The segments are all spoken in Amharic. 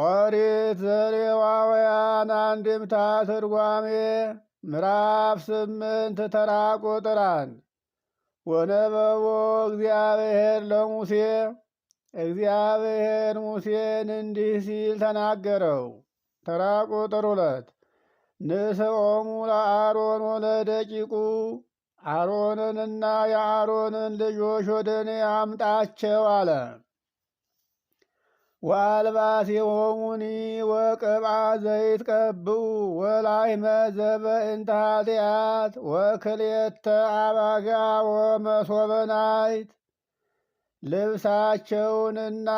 ኦሪት ዘሌዋውያን አንድምታ ትርጓሜ ምዕራፍ ስምንት ተራ ቁጥር አንድ ወነበቦ እግዚአብሔር ለሙሴ እግዚአብሔር ሙሴን እንዲህ ሲል ተናገረው። ተራ ቁጥር ሁለት ንስኦሙ ለአሮን ወለደቂቁ አሮንንና የአሮንን ልጆች ወደ እኔ አምጣቸው አለ። ዋልባሴ ሆሙኒ ወቅብአ ዘይት ቀብኡ ወላይመ ዘበእንተ ኃጢአት ወክልኤተ አባጋ ወመሶበ ናይት። ልብሳቸውንና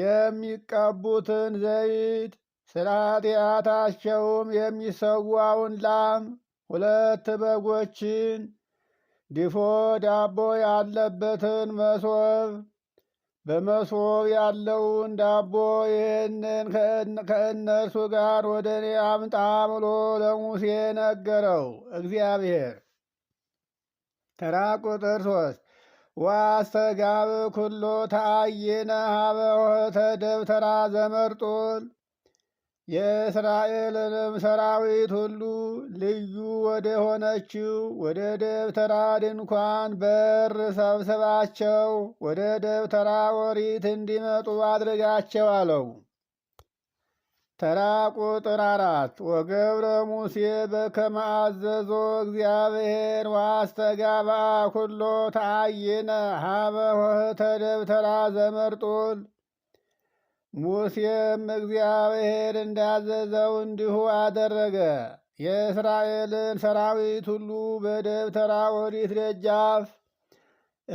የሚቀቡትን ዘይት ስለ ኃጢአታቸውም የሚሰዋውን ላም ሁለት በጎችን ድፎ ዳቦ ያለበትን መሶብ በመሶብ ያለውን ዳቦ ይህንን ከእነርሱ ጋር ወደ እኔ አምጣ ብሎ ለሙሴ ነገረው እግዚአብሔር። ተራ ቁጥር ሶስት ዋስተጋብ ኩሎ ተአይነ ሀበ ወተደብተራ ዘመርጡን የእስራኤልንም ሰራዊት ሁሉ ልዩ ወደ ሆነችው ወደ ደብተራ ድንኳን በር ሰብስባቸው ወደ ደብተራ ኦሪት እንዲመጡ አድርጋቸው አለው። ተራ ቁጥር አራት ወገብረ ሙሴ በከመ አዘዞ እግዚአብሔር ዋስተጋባ ኩሎ ተአይነ ሀበ ወህተ ደብተራ ዘመርጡል ሙሴም እግዚአብሔር እንዳዘዘው እንዲሁ አደረገ። የእስራኤልን ሰራዊት ሁሉ በደብተራ ወዲት ደጃፍ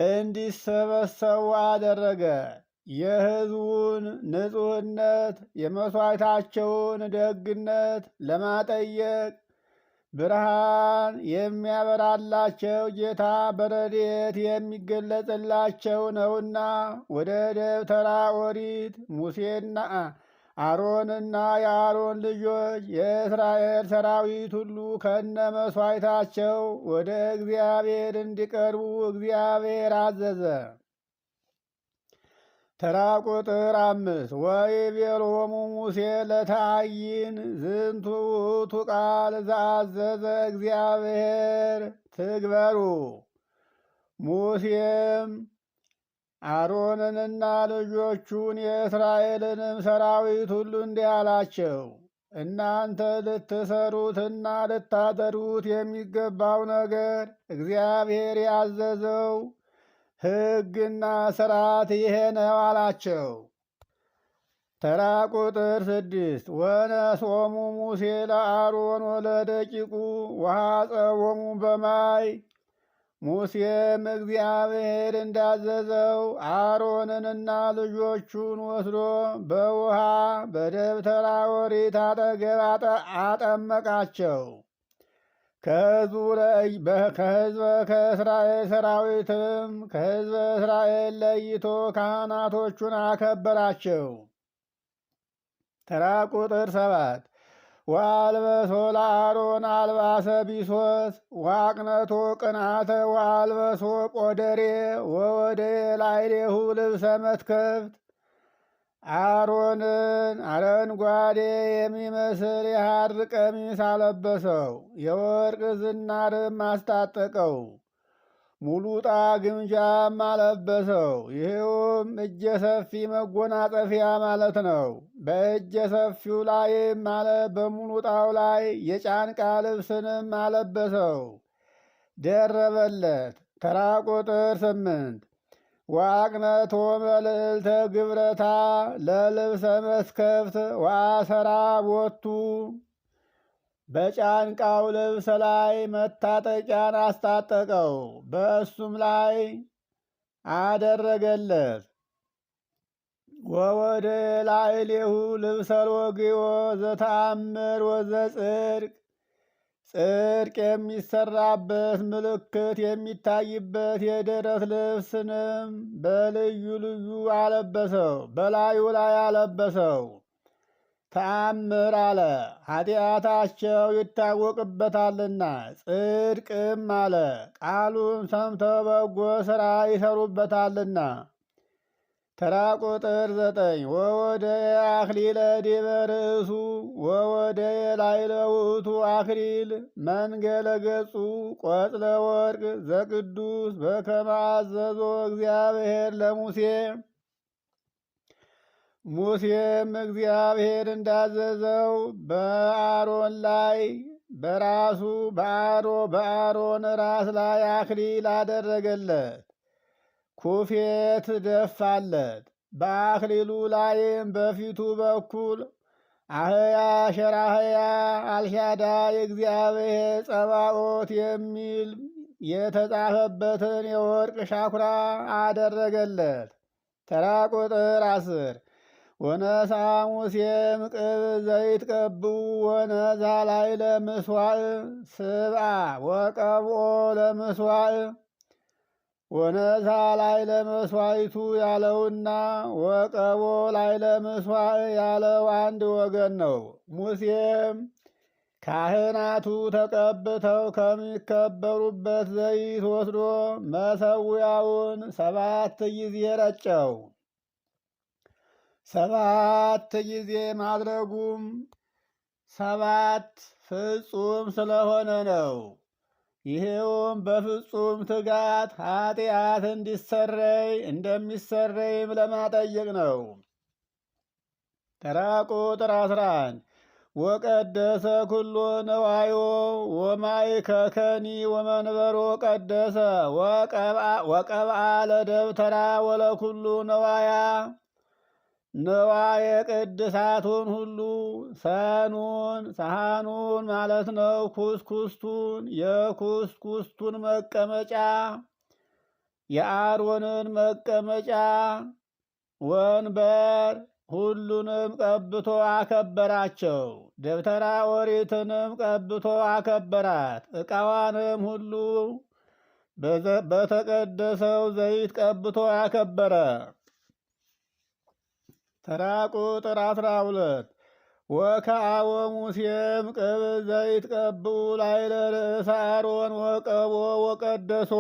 እንዲሰበሰቡ አደረገ። የሕዝቡን ንጹሕነት፣ የመሥዋዕታቸውን ደግነት ለማጠየቅ ብርሃን የሚያበራላቸው ጌታ በረድኤት የሚገለጽላቸው ነውና ወደ ደብተራ ኦሪት ሙሴና አሮንና የአሮን ልጆች የእስራኤል ሰራዊት ሁሉ ከነ መሥዋዕታቸው ወደ እግዚአብሔር እንዲቀርቡ እግዚአብሔር አዘዘ። ተራ ቁጥር አምስት ወይቤሎሙ ሙሴ ለታይን ዝንቱ ውእቱ ቃል ዛዘዘ እግዚአብሔር ትግበሩ። ሙሴም አሮንንና ልጆቹን የእስራኤልንም ሰራዊት ሁሉ እንዲህ አላቸው፣ እናንተ ልትሰሩትና ልታደሩት የሚገባው ነገር እግዚአብሔር ያዘዘው ሕግና ሥርዓት ይሄ ነው አላቸው። ተራ ቁጥር ስድስት ወነሶሙ ሙሴ ለአሮን ወለደቂቁ ወሐፀቦሙ በማይ ሙሴም እግዚአብሔር እንዳዘዘው አሮንንና ልጆቹን ወስዶ በውሃ በደብተራ ኦሪት አጠገብ አጠመቃቸው። ከህዝበ ከእስራኤል ሰራዊትም ከህዝበ እስራኤል ለይቶ ካህናቶቹን አከበራቸው። ተራ ቁጥር ሰባት ወአልበሶ ለአሮን አልባሰ ቢሶስ ዋቅነቶ ቅናተ ወአልበሶ ቆደሬ ወወደ ላይሌሁ ልብሰ መትከፍት አሮንን አረንጓዴ የሚመስል የሐር ቀሚስ አለበሰው፣ የወርቅ ዝናርም አስታጠቀው፣ ሙሉ ጣ ግምጃም አለበሰው። ይህውም እጀ ሰፊ መጎናጸፊያ ማለት ነው። በእጀ ሰፊው ላይም ማለት በሙሉ ጣው ላይ የጫንቃ ልብስንም አለበሰው፣ ደረበለት። ተራ ቁጥር ስምንት ዋቅነቶ መልዕልተ ግብረታ ለልብሰ መስከፍት ዋሰራ ቦቱ በጫንቃው ልብስ ላይ መታጠቂያን አስታጠቀው፣ በእሱም ላይ አደረገለት። ወወደ ላዕሌሁ ልብሰ ሎግዮ ዘተአምር ወዘጽድቅ ጽድቅ የሚሰራበት ምልክት የሚታይበት የደረት ልብስንም በልዩ ልዩ አለበሰው፣ በላዩ ላይ አለበሰው። ተአምር አለ ኃጢአታቸው ይታወቅበታልና፣ ጽድቅም አለ ቃሉን ሰምተው በጎ ሥራ ይሰሩበታልና ተራ ቁጥር ዘጠኝ ወወደ አክሊለ ዲበ ርእሱ ወወደየ ላዕለ ውእቱ አክሊል መንገለ ገጹ ቆጽለ ወርቅ ዘቅዱስ በከመ አዘዞ እግዚአብሔር ለሙሴ ሙሴም እግዚአብሔር እንዳዘዘው በአሮን ላይ በራሱ በአሮ በአሮን ራስ ላይ አክሊል አደረገለት። ኩፌት ደፋለት። በአክሊሉ ላይም በፊቱ በኩል አህያ ሸራህያ አልሻዳ የእግዚአብሔር ጸባኦት የሚል የተጻፈበትን የወርቅ ሻኩራ አደረገለት። ተራ ቁጥር አስር ወነሳ ሙሴም ቅብ ዘይት ቀቡ ወነዛ ላይ ለምስዋዕ ስብአ ወቀብኦ ለምስዋዕ ወነሳ ላይ ለመስዋይቱ ያለውና ወቀቦ ላይ መስዋዕ ያለው አንድ ወገን ነው። ሙሴም ካህናቱ ተቀብተው ከሚከበሩበት ዘይት ወስዶ መሰዊያውን ሰባት ጊዜ ረጨው። ሰባት ጊዜ ማድረጉም ሰባት ፍጹም ስለሆነ ነው። ይሄውም በፍጹም ትጋት ኃጢአት እንዲሰረይ እንደሚሰረይም ለማጠየቅ ነው። ተራ ቁጥር 11 ወቀደሰ ኩሎ ነዋዮ ወማይ ከከኒ ወመንበሮ ቀደሰ ወቀብአ ለደብተራ ወለኩሉ ነዋያ ንዋየ ቅድሳቱን ሁሉ ሰኑን ሰሃኑን ማለት ነው። ኩስኩስቱን የኩስኩስቱን መቀመጫ የአሮንን መቀመጫ ወንበር ሁሉንም ቀብቶ አከበራቸው። ደብተራ ኦሪትንም ቀብቶ አከበራት። ዕቃዋንም ሁሉ በተቀደሰው ዘይት ቀብቶ አከበረ። ተራ ቁጥር አስራ ሁለት ወከአወ ሙሴም ቅብ ዘይት ቀብኡ ላይለ ርእሰ አሮን ወቀቦ ወቀደሶ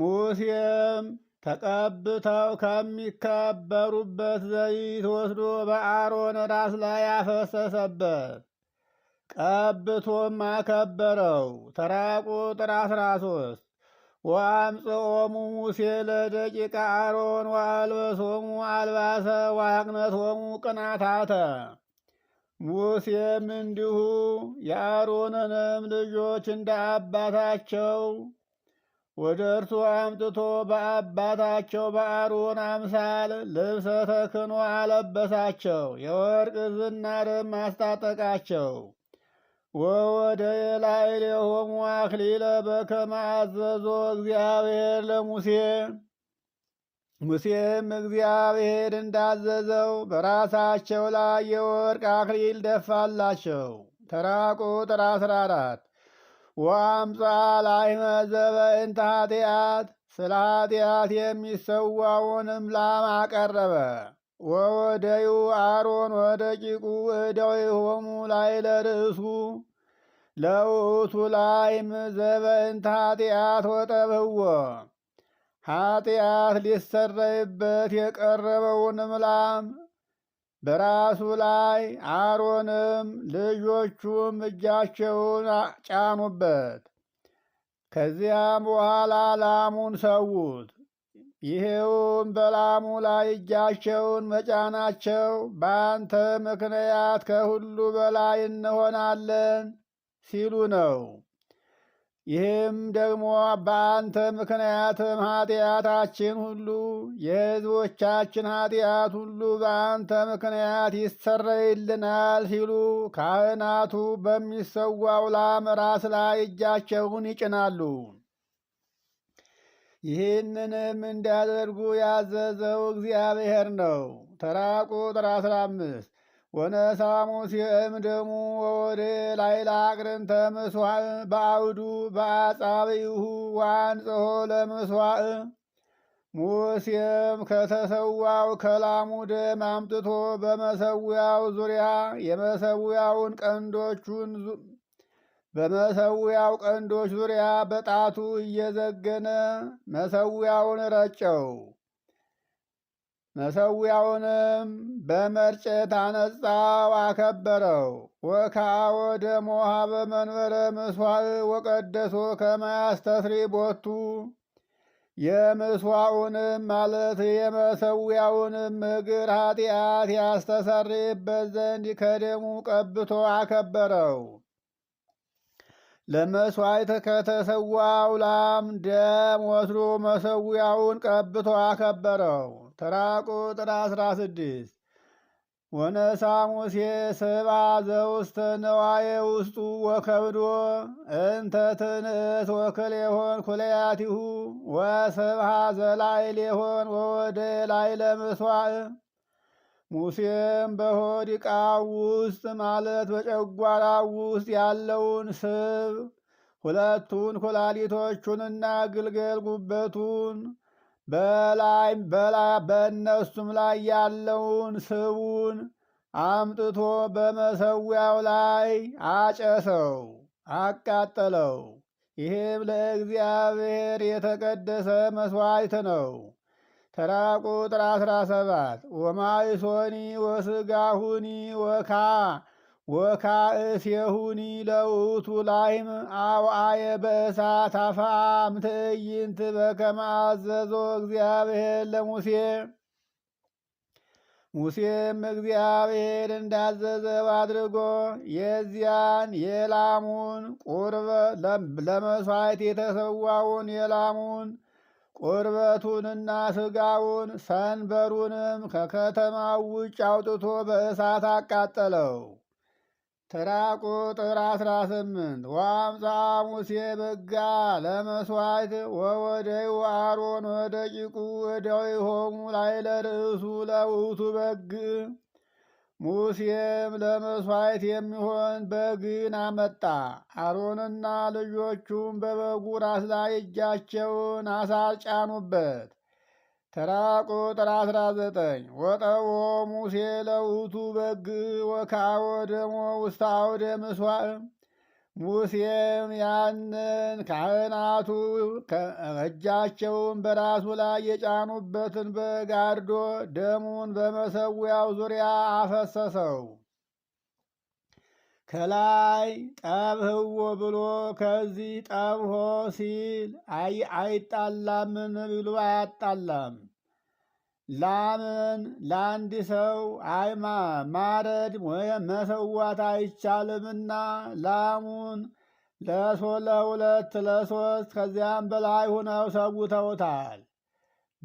ሙሴም ተቀብተው ከሚከበሩበት ዘይት ወስዶ በአሮን ራስ ላይ አፈሰሰበት። ቀብቶም አከበረው። ተራ ቁጥር አስራ ሶስት ወአምጽኦሙ ሙሴ ለደቂቀ አሮን ወአልበሶሙ አልባሰ ወአቅነቶሙ ቅናታተ። ሙሴም እንዲሁ የአሮንንም ልጆች እንደ አባታቸው ወደ እርሱ አምጥቶ በአባታቸው በአሮን አምሳል ልብሰ ተክኖ አለበሳቸው፣ የወርቅ ዝናርም አስታጠቃቸው። ወወደ የላዕሌሆሙ አክሊለ በከመ አዘዞ እግዚአብሔር ለሙሴ። ሙሴም እግዚአብሔር እንዳዘዘው በራሳቸው ላይ የወርቅ አክሊል ደፋላቸው። ተራ ቁጥር 14 ወአምፃ ላሕመ ዘበእንተ ኃጢአት ስለ ኃጢአት የሚሰዋውንም ላም አቀረበ። ወወደዩ አሮን ወደቂቁ እደዊሆሙ ላይ ለርእሱ ለውቱ ላይ ምዘበእንተ ኃጢአት ወጠብህዎ ኃጢአት ሊሰረይበት የቀረበውን ምላም በራሱ ላይ አሮንም ልጆቹም እጃቸውን ጫኑበት። ከዚያም በኋላ ላሙን ሰዉት። ይሄውም በላሙ ላይ እጃቸውን መጫናቸው፣ በአንተ ምክንያት ከሁሉ በላይ እንሆናለን ሲሉ ነው። ይህም ደግሞ በአንተ ምክንያትም ኃጢአታችን ሁሉ የሕዝቦቻችን ኃጢአት ሁሉ በአንተ ምክንያት ይሰረይልናል ሲሉ ካህናቱ በሚሰዋው ላም ራስ ላይ እጃቸውን ይጭናሉ። ይህንንም እንዲያደርጉ ያዘዘው እግዚአብሔር ነው። ተራ ቁጥር 15 አምስት ወነሳ ሙሴ ወወደ ላይላ አቅርንተ ምስዋዕ በአውዱ በአጻብይሁ ወአንጽሖ ለምስዋዕ ሙሴም ከተሰዋው ከላሙ ደም አምጥቶ በመሰዊያው ዙሪያ የመሰዊያውን ቀንዶቹን በመሰዊያው ቀንዶች ዙሪያ በጣቱ እየዘገነ መሰዊያውን ረጨው። መሰዊያውንም በመርጨት አነጻው፣ አከበረው። ወደ ሞሃ በመንበረ ምስዋዕ ወቀደሶ ከማያስተስሪ ቦቱ የምስዋዑንም ማለት የመሰዊያውንም እግር ኃጢአት ያስተሰርይበት ዘንድ ከደሙ ቀብቶ አከበረው። ለመስዋዕት ከተሰዋው ላም ደም ወስዶ መሰዊያውን ቀብቶ አከበረው። ተራ ቁጥር 16 ስድስት ወነሳ ሙሴ ስባ ዘውስተ ውስጡ ወከብዶ እንተ ትንእት ወክል የሆን ኩለያቲሁ ወስብሃ ዘላይ ሌሆን ወወደ ላይ ለመስዋዕ ሙሴም በሆድ ዕቃ ውስጥ ማለት በጨጓራ ውስጥ ያለውን ስብ ሁለቱን ኩላሊቶቹንና ግልገል ጉበቱን በላይ በእነሱም ላይ ያለውን ስቡን አምጥቶ በመሰዊያው ላይ አጨሰው፣ አቃጠለው። ይህም ለእግዚአብሔር የተቀደሰ መሥዋዕት ነው። ተራ ቁጥር አስራ ሰባት ወማይሶኒ ወስጋሁኒ ወካ ወካ እሴሁኒ ለውቱ ላይም አውአየ በእሳት አፋም ትዕይንት በከመ አዘዞ እግዚአብሔር ለሙሴ ሙሴም እግዚአብሔር እንዳዘዘው አድርጎ የዚያን የላሙን ቁርበ ለመሥዋዕት የተሰዋውን የላሙን ቁርበቱንና ስጋውን ሰንበሩንም ከከተማው ውጭ አውጥቶ በእሳት አቃጠለው። ተራ ቁጥር 18 ዋምፃ ሙሴ በጋ ለመስዋዕት ወወደዩ አሮን ወደቂቁ ሆሙ ላይለ ለርእሱ ለውቱ በግ ሙሴም ለመስዋዕት የሚሆን በግን አመጣ። አሮንና ልጆቹም በበጉ ራስ ላይ እጃቸውን አሳጫኑበት ጫኑበት። ተራ ቁጥር 19 ዘጠኝ ወጠዎ ሙሴ ለውቱ በግ ወከአወደሞ ውስተ አውደ ምሥዋዕ ሙሴም ያንን ካህናቱ እጃቸውን በራሱ ላይ የጫኑበትን በግ አርዶ ደሙን በመሰዊያው ዙሪያ አፈሰሰው። ከላይ ጠብህዎ ብሎ ከዚህ ጠብሆ ሲል አይጣላምን ብሎ አያጣላም። ላምን ለአንድ ሰው አይማ ማረድ ወይም መሰዋት አይቻልምና ላሙን ለሁለት ለሶስት ከዚያም በላይ ሆነው ሰውተውታል።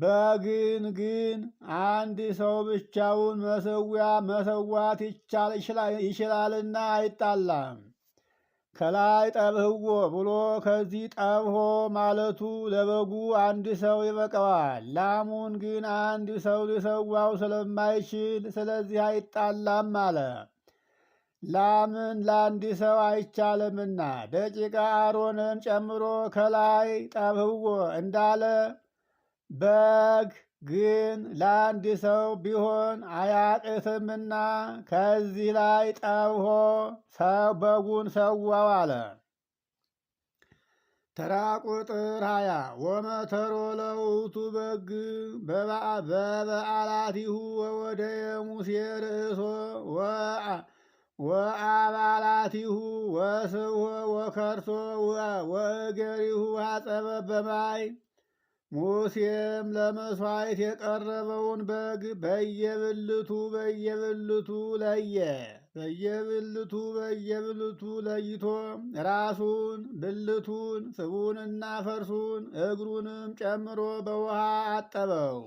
በግን ግን አንድ ሰው ብቻውን መሰዊያ መሰዋት ይችላልና አይጣላም። ከላይ ጠብህዎ ብሎ ከዚህ ጠብሆ ማለቱ ለበጉ አንድ ሰው ይበቀዋል። ላሙን ግን አንድ ሰው ሊሰዋው ስለማይችል ስለዚህ አይጣላም አለ። ላምን ለአንድ ሰው አይቻልምና ደቂቃ አሮንን ጨምሮ ከላይ ጠብህዎ እንዳለ በግ ግን ለአንድ ሰው ቢሆን አያቅትምና ከዚህ ላይ ጠብሆ ሰው በጉን ሰዋው አለ። ተራ ቁጥር ሀያ ወመተሮ ለውቱ በግ በበዓላቲሁ ወወደ የሙሴ ርእሶ ወአባላቲሁ ወስብሖ ወከርሶ ወእገሪሁ አጸበ በማይ ሙሴም ለመሥዋዕት የቀረበውን በግ በየብልቱ በየብልቱ ለየ። በየብልቱ በየብልቱ ለይቶ ራሱን፣ ብልቱን፣ ስቡንና ፈርሱን እግሩንም ጨምሮ በውሃ አጠበው።